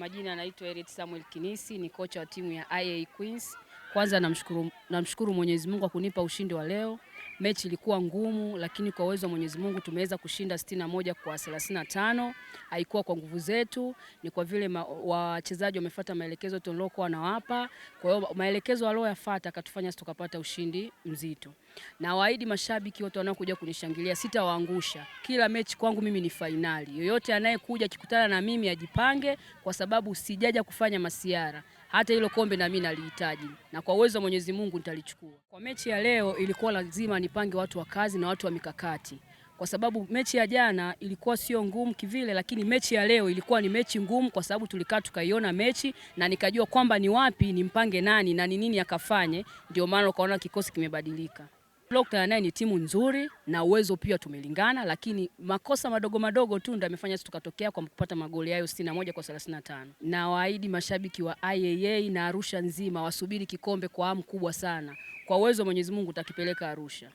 majina anaitwa Harriet Samuel Kinisi, ni kocha wa timu ya IA Queens. Kwanza namshukuru, namshukuru Mwenyezi Mungu kwa kunipa ushindi wa leo mechi ilikuwa ngumu, lakini kwa uwezo wa Mwenyezi Mungu tumeweza kushinda stina moja kwa 35. tano. Haikuwa kwa nguvu zetu, ni kwa vile wachezaji wamefuata maelekezo tuliokuwa nawapa. Kwa hiyo maelekezo aliyoyafuata akatufanya tukapata ushindi mzito, na mashabiki wote wanaokuja kunishangilia sitawaangusha. Kila mechi kwangu mimi ni fainali. Yoyote anayekuja akikutana na mimi ajipange, kwa sababu sijaja kufanya masiara hata hilo kombe na mimi nalihitaji, na kwa uwezo wa Mwenyezi Mungu nitalichukua. Kwa mechi ya leo ilikuwa lazima nipange watu wa kazi na watu wa mikakati, kwa sababu mechi ya jana ilikuwa sio ngumu kivile, lakini mechi ya leo ilikuwa ni mechi ngumu, kwa sababu tulikaa tukaiona mechi na nikajua kwamba ni wapi nimpange nani na ni nini akafanye. Ndio maana ukaona kikosi kimebadilika. Tuliokutana naye ni timu nzuri na uwezo pia tumelingana, lakini makosa madogo madogo tu ndio yamefanya sisi tukatokea kwa kupata magoli hayo 61 kwa 35. Na waahidi mashabiki wa IAA na Arusha nzima wasubiri kikombe kwa hamu kubwa sana, kwa uwezo wa Mwenyezi Mungu utakipeleka Arusha.